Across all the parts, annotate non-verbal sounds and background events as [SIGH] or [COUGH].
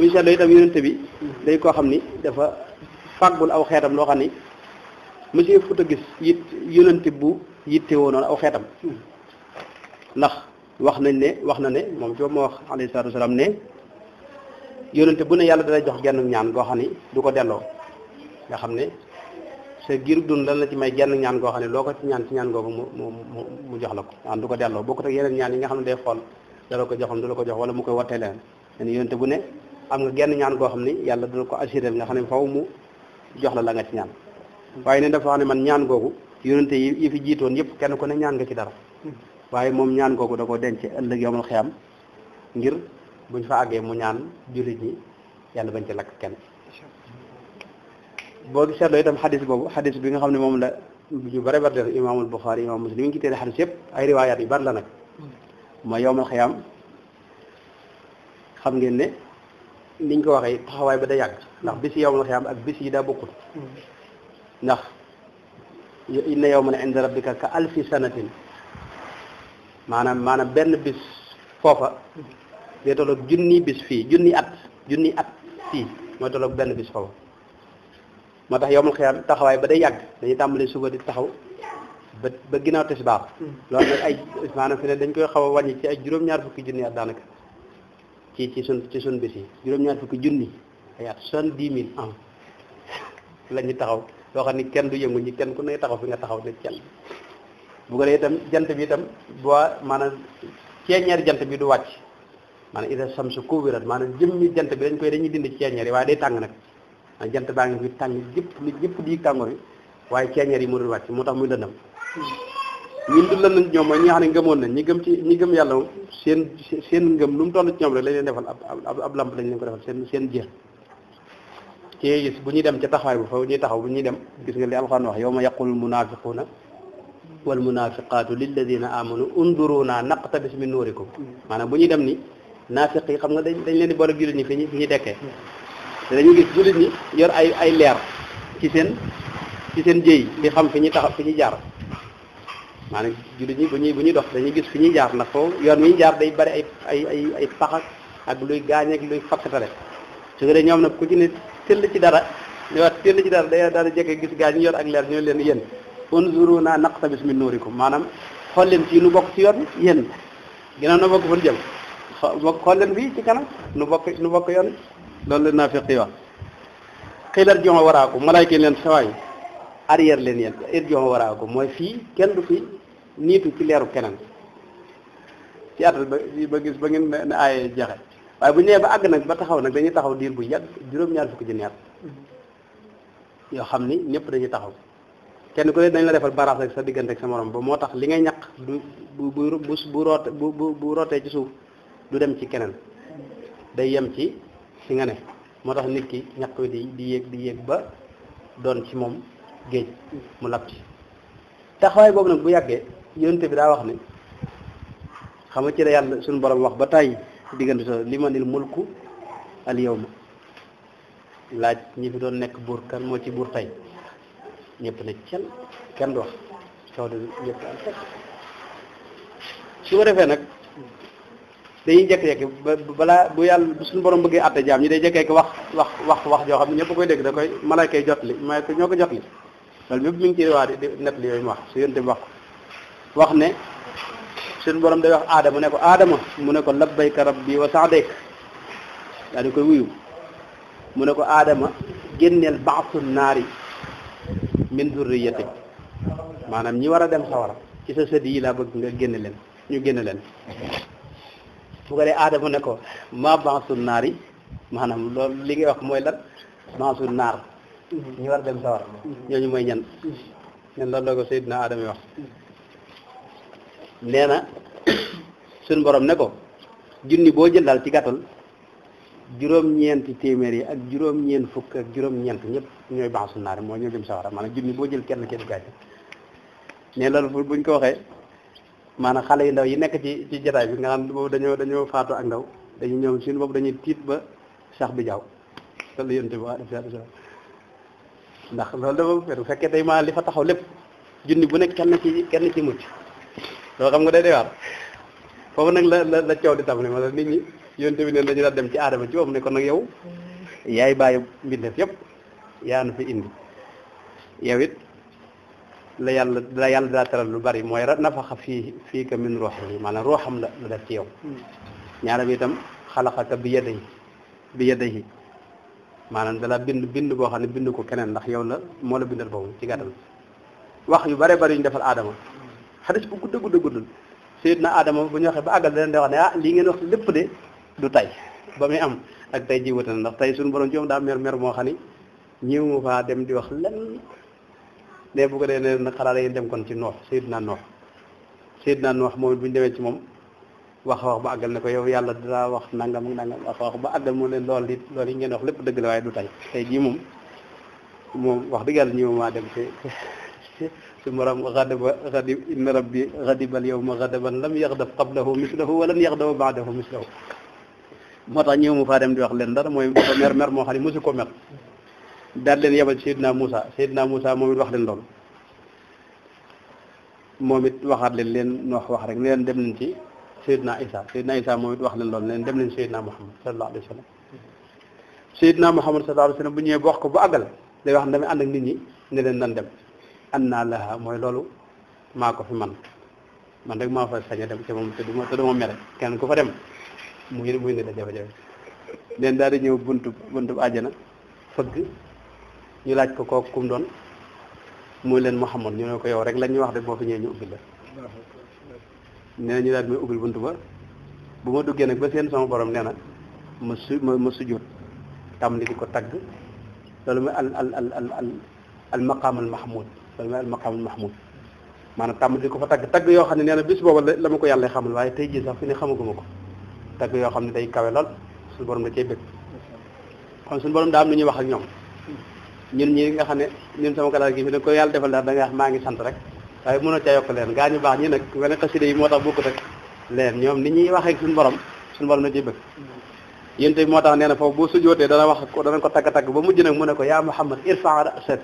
buñu seetloo itam yonente bi day koo xam ni dafa fàggul aw xeetam loo xam ni monsieur Fouta gis it bu yitte woo noonu aw xeetam ndax wax nañ ne wax na ne moom ci moo wax alayhi salaatu wasalaam ne yonente bu ne yàlla dana jox genn ñaan goo xam ni du ko delloo nga xam ne sa giirub dund lan la ci may genn ñaan goo xam ne loo ko ci ñaan ci ñaan googu mu mu mu jox la ko waan du ko delloo ko ak yeneen ñaan yi nga xam ne day xool dala ko la ko jox wala mu koy wattee leen yonente bu ne am nga genn ñaan koo xam ne yàlla dina ko assuré nga xam ne faw mu jox la la nga ci ñaan waaye ne dafa wax ne man ñaan googu yonente yi yi fi jiitoon yëpp kenn ku ne ñaan nga ci dara waaye moom ñaan googu da ko denc ëllëg yomul xiyam ngir buñ fa àggee mu ñaan jullit ñi yàlla bañ ci lakk kenn boo gi seetloo itam xadis boobu xadis bi nga xam ne moom la ñu bare bari def imaamul Buxaari imaam Muslim yi ngi ci téere xadis yëpp ay riwaayaat yu bari la nag mooy yowmal xiyam xam ngeen niñ ko waxee taxawaay ba day yàgg ndax bis yow ma xiyaam ak bis yi daa bokkul ndax inna yawman inda rabbika ka alfi sanatin maanaam maanaam benn bis foofa day tolloog junni bis fii junni at junni at fii mooy tolloog benn bis foofa moo tax yowmal xiyaam taxawaay ba day yàgg dañuy tàmbali suba di taxaw ba ba ginnaaw tisbaar hmm. loolu nag ay maanaam fi ne dañ koy xaw a wàññi ci ay juróom-ñaar fukki junni at daanaka ci ci sun ci sun bisi juroom ñaar fukki jooni ay at 70000 dix mille ans la [LAUGHS] taxaw loo xam kenn du yëngu ni kenn ku ne taxaw fi nga taxaw ne kenn bu ko itam jant bi itam boo maanaam ceeñeer jant bi du wacc man ida samsu kuwirat maanaam jëmmi jant bi dañ koy dañuy dind ceeñeer yi way day tang nak jant baangi fi tang jëpp lu jëpp di tangori way waaye ceeñeer yi mu dul wacc mu tax muy dëndam ñun du lan na ñoom mooy ñi nga xam ne ngëmoon nañ ñu gëm ci ñi gëm yàlla moom seen seen ngëm lu mu toll ci ñoom rek lañ leen defal ab ab lamp lañ leen ko defal seen seen jër ci gis bu ñuy dem ca taxawaay bu fa ñuy taxaw bu ñuy dem gis nga li alxuraan wax yow ma yaqulul munaafiquuna wal munaafiqaatu lilladina amanu unduruna naqtabis min nuurikum maanaam bu ñuy dem nii naafiq yi xam nga dañ dañ leen di boole jullit ñi fi ñu fi dekkee te dañu gis jullit ñi yor ay ay leer ci seen ci seen jëy xam fi ñu taxaw fi ñu jaar maanaam jullit ñi bu ñuy bu ñuy dox dañuy gis fi ñuy jaar ndax foofu yoon wi ñu jaar day bari ay ay ay ay pax ak ak luy gaañ ak luy fakkatale su ko dee ñoom nag ku ci ne tëll ci dara ñu wax tëll ci dara day dara jekke gis gaañ ñu yor ak leer ñu leen yéen unzuruna naqtabis min nurikum maanaam xool leen fii nu bokk ci yoon yéen ginnaaw nu bokk fan jëm xool leen fii ci kanam nu bokk nu bokk yoon loolu la naafiq yi wax xiilar joxo waraaku malaayka leen sawaay arrière leen yéen ir joxo waraaku mooy fii kenn du fi nitu ci leeru keneen ci atal ba ba gis ba ngeen na ay jaxé waaye bu ñëwee ba ag nak ba taxaw nak dañuy taxaw diir bu yag juroom ñaar fukk junni at yoo xam ni dañuy taxaw kenn ku leen dañ la defal baraas rek sa diggante ak sa morom ba moo tax li ngay ñak bu bu bu bu roote bu bu roté ci suuf du dem ci keneen day yam ci fi nga ne moo tax nit ki ñak wi di di yéeg di yegg ba doon ci mom geej mu lapp ci taxaway bobu nak bu yagge yonent bi daa wax ne xam nga ci la yàlla suñu borom wax ba tàyyi diggante so limanil mulku al yawma laaj ñi fi doon nekk buur kan moo ci buur tey ñëpp ne kenn kenn du wax coow de ñëpp su ko defee nag dañuy jékki-jékki ba balaa bu yàlla suñu borom bëggee àtte jaam ñi day jékki-jékki wax wax wax wax joo xam ne koy dégg da koy malaay koy jot li malaay ko ñoo ko jot li loolu yëpp mi ci waa di net li yooyu mu wax su yonent bi wax ko wax ne suñu borom day wax aadama ne ko aadama mu ne ko labbayka rabbi wa saadek daal di koy mu ne ko aadama génneel baasu naari min durriyatik maanaam ñi war a dem sawara ci sa sëdd yi laa bëgg nga génne leen ñu génne leen bu ko dee aadama ne ko ma baasu naar yi maanaam loolu li ngay wax mooy lan baasu naar ñi war a dem sawara ñooñu mooy ñan ñen loolu la ko Seydina aadama yi wax nee na suñ borom ne ko junni boo jël daal ci gàttal juróom-ñeenti téeméer yi ak juróom-ñeent fukk ak juróom-ñeent ñëpp ñooy baaxu naare mooy ñëw jëm sawara maanaam junni boo jël kenn kenn gàcce ne buñ ko waxee maanaam xale yu ndaw yi nekk ci ci jotaay bi nga xam boobu dañoo dañoo faatu ak ndaw dañu ñëw suñu boobu dañuy tiit ba sax bi jaaw loolu yonte ndax loolu dafa fekkee tey maa li fa taxaw lépp junni bu nekk kenn ci kenn ci loolu xam nga day dewaar foofu nag la la la coow di tàmbali ma nit ñi yonte bi ne dañu daan dem ci aadama ci boppam ne kon nag yow yaay bàyyi mbindeef yëpp yaa na fi indi yow it la yàlla la yàlla daa teral lu bari mooy nafaxa fii fii ka min ruuxi maanaam ruuxam la la def ci yow ñaaram itam xalaxaka bi yadayhi bi yadayhi maanaam dala bind bind boo xam ne bind ko keneen ndax yow la moo la bindal boobu ci gàttal wax yu bare bari ñu defal aadama xadis bu gudda gudda guddul sayyidna Adama bu ñu waxee ba àggal da leen di wax ne ah lii ngeen wax lépp de du tay ba muy am ak tay ji wute na ndax tay suñu borom joom daa mer mer moo xam ni ñëw mu faa dem di wax lenn ne bu ko dee ne nag xalaat yi dem kon ci noox sayyidna noox sayyidna noox moom bu ñu ci moom wax wax ba àggal ne ko yow yàlla dara wax nangam nangam wax wax ba àggal mu leen lool li lool yi ngeen wax lépp dëgg la waaye du tay tay jii moom moom wax dëgg yàlla ñëw maa dem ci سمرم غضب غضب إن ربي غضب اليوم غضبا لم يغضب قبله مثله ولن يغضب بعده مثله ما تاني مفارم دوخ لين دار موي مر مر مو خاري موسو كومير دار لين يابال سيدنا موسى سيدنا موسى موي وخ لين لول موميت وخات لين لين نوخ وخ رك لين دم نتي سيدنا عيسى سيدنا عيسى موميت وخ لين لول لين دم لين سيدنا محمد صلى الله عليه وسلم سيدنا محمد صلى الله عليه وسلم بنيي بوخ كو بو اغال داي وخ ندامي اندك نيت ني نلن an naa laha mooy loolu maa ko fi man man rek maa fa sañ a dem ci moom te du te du ma kenn ku fa dem muy muy ne da jafe-jafe leen daal di ñëw buntu buntu àjjana fëgg ñu laaj ko kooku kum doon muy leen Muhammad ñu ne ko yow rek lañ ñu wax de boo fi ñëwee ñu ubbil la nee na ñu daal di may ubbil buntu ba bu ma duggee nag ba seen sama borom nee na ma su ma ma sujjóot tam li di ko tagg loolu mooy al al al al al maqaam mahmud sallallahu al maqaamul mahmud maanaam tàmm di ko fa tagg tagg yoo xam ne nee na bis booba la ma ko yàlla xamal waaye tey jii sax fi ne xamaguma ko tagg yoo xam ne day kawe lool suñu borom da cay bëgg kon suñu borom daa lu ñuy wax ak ñoom ñun nga xam ne ñun sama kalaal gi fi ko yàlla defal daal da nga maa ngi sant rek waaye mënoo ca yokk leen gaa ñu baax ñi nag wene xasida yi moo tax bokkut ak leen ñoom ni ñuy waxee suñu borom suñu borom na cay bëgg yéen tey moo tax nee na foofu boo sujootee dana wax dana ko tagg-tagg ba mujj nag mu ne ko yaa Muhammad irfa rasak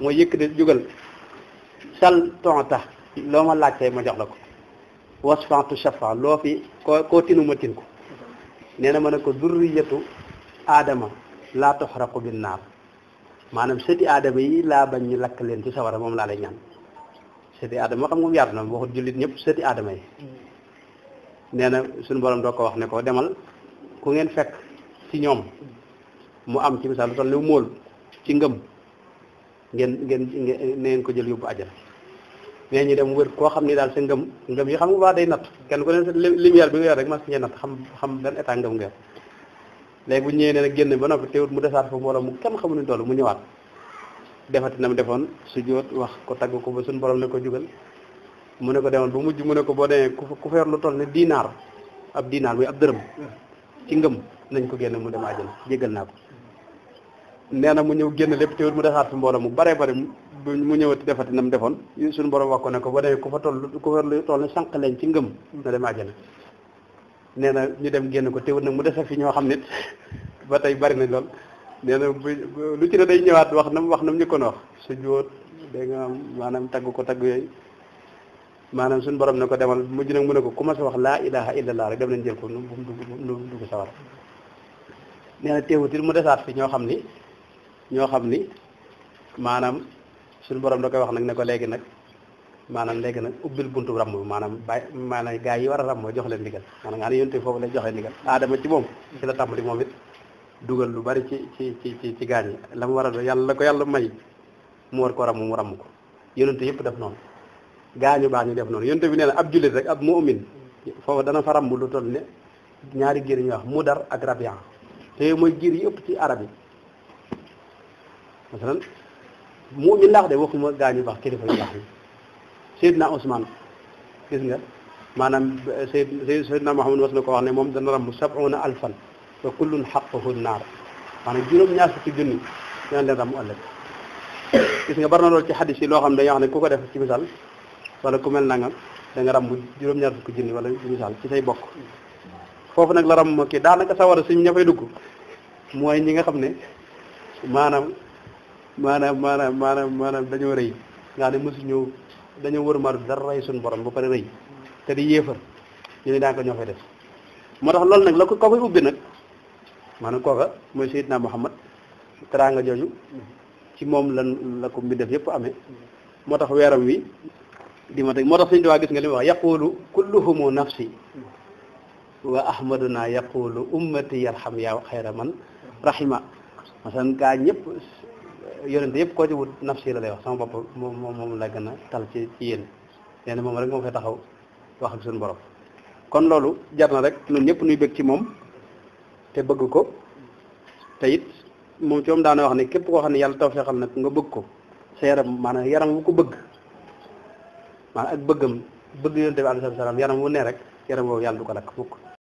mooy yëkkati jógal sal tonta loo ma laajtee ma jox la ko wasfantu shafa loo fi koo koo tinu tin ko nee na ma ne ko durriyatu aadama laa toxraqu bin naar maanaam sëti aadama yi laa bañ ñu lakk leen ci sawara moom laa lay ñaan sëti aadama xam nga mu yaatu na waxut jullit ñëpp sëti aadama yi nee na suñu borom doo ko wax ne ko demal ku ngeen fekk ci ñoom mu am ci misaal lu toll ni móol ci ngëm ngeen ngeen na ngeen ko jël yóbbu àjjana mais ñu dem wër koo xam ni daal sa ngëm ngëm yi xam nga baax day natt kenn ku ne lumière bi nga yor rek mas ngeen natt xam xam benn état ngëm nga yor léegi bu ñëwee ne nag génn ba noppi teewut mu desaat fa mbooloo mu kenn xamu ni toll mu ñëwaat defati na mu defoon su jóot wax ko tagg ko ba suñu borom ne ko jugal mu ne ko demoon ba mujj mu ne ko boo demee ku feer lu toll ne dinaar ab dinaar muy ab dërëm ci ngëm nañ ko génn mu dem àjjana jéggal naa ko nee na mu ñëw génn lépp teewul mu defaat fi mbooloo mu bare bare mu ñëwati defati nam defoon suñu borom wax ko ne ko ba demee ku fa toll ku fa toll ne sànq leen ci ngëm na dem àjjana nee na ñu dem génn ko teewul nag mu desa fi ñoo xam nit ba tey bari nañ lool nee na lu ci ne day ñëwaat wax nam wax nam ñu ko wax su jóot da nga maanaam tagg ko tagg yooyu maanaam suñu borom ne ko demal mujj nag mu ne ko ku wax laa ilaha illallah rek dem nañ jël ko nu mu dugg nu mu dugg sawar na teewutil mu desaat fi ñoo xam ni ñoo xam ni maanaam suñu borom da koy wax nag ne ko léegi nag maanaam léegi nag ubbil buntu ràmm bi maanaam bàyyi maanaam gaa yi war a ràmm jox leen ndigal maanaam nga ne yonte foofu la joxe ndigal aadama ci moom ci la tàmbali moom it dugal lu bari ci ci ci ci ci gaañ yi la mu war a yàlla ko yàlla may mu war ko ràmm mu ràmm ko yonente yëpp def noonu gaañu baax ñu def noonu yonente bi nee na ab jullit rek ab mu'min foofu dana fa ràmm lu toll ne ñaari giir ñu wax mudar ak rabia te ëpp ci arab yi masalan mu'min laax de waxuma gaañu baax kilifa yu baax yi Seydina Ousmane gis nga maanaam Seyd Seydina Muhammad mas na ko wax ne moom dana ram sab'una alfan wa kullun xaqahu naar maanaam juróom-ñaar fukki junni dina leen ram ëllëg gis nga bari na loolu ci xadis yi loo xam ne dañuy wax ne ku ko def ci misaal wala ku da ram juróom-ñaar fukki junni wala ci ci say bokk foofu nag la ram ma daanaka sawara suñ ña fay dugg mooy ñi nga xam ne maanaam maanaam maanaam maanaam maanaam dañoo rëy nga xam ne mosuñu dañoo wër mar dara rëy suñu borom ba pare rëy te di yéefar ñu ne daa ko ñoo fay def moo tax loolu nag la ko koy ubbi nag maanaam kooka mooy Seydina Muhammad teraanga jooju ci moom la ko def yëpp amee moo tax weeram wi di ma teg moo tax suñu diwaan gis nga li mu wax yaqulu kulluhumu nafsi wa ahmaduna yaqulu ummati yarham yaa xayra man rahima masan gaa ñëpp yonent yëpp koo ci wut nafsi la lay wax sama bopp moom moom la gën a tal ci ci yéen nee moom rek moo fay taxaw wax ak suñu borom kon loolu jar na rek ñun yépp nuy bëgg ci moom te bëgg ko te it moom ci moom daana wax ne képp koo xam ne yàlla tawfeexal nag nga bëgg ko sa yaram maanaam yaram wu ko bëgg maanaam ak bëggam bëgg yonent bi alayhi salaam yaram wu ne rek yaram woowu yàlla du ko lakk fukk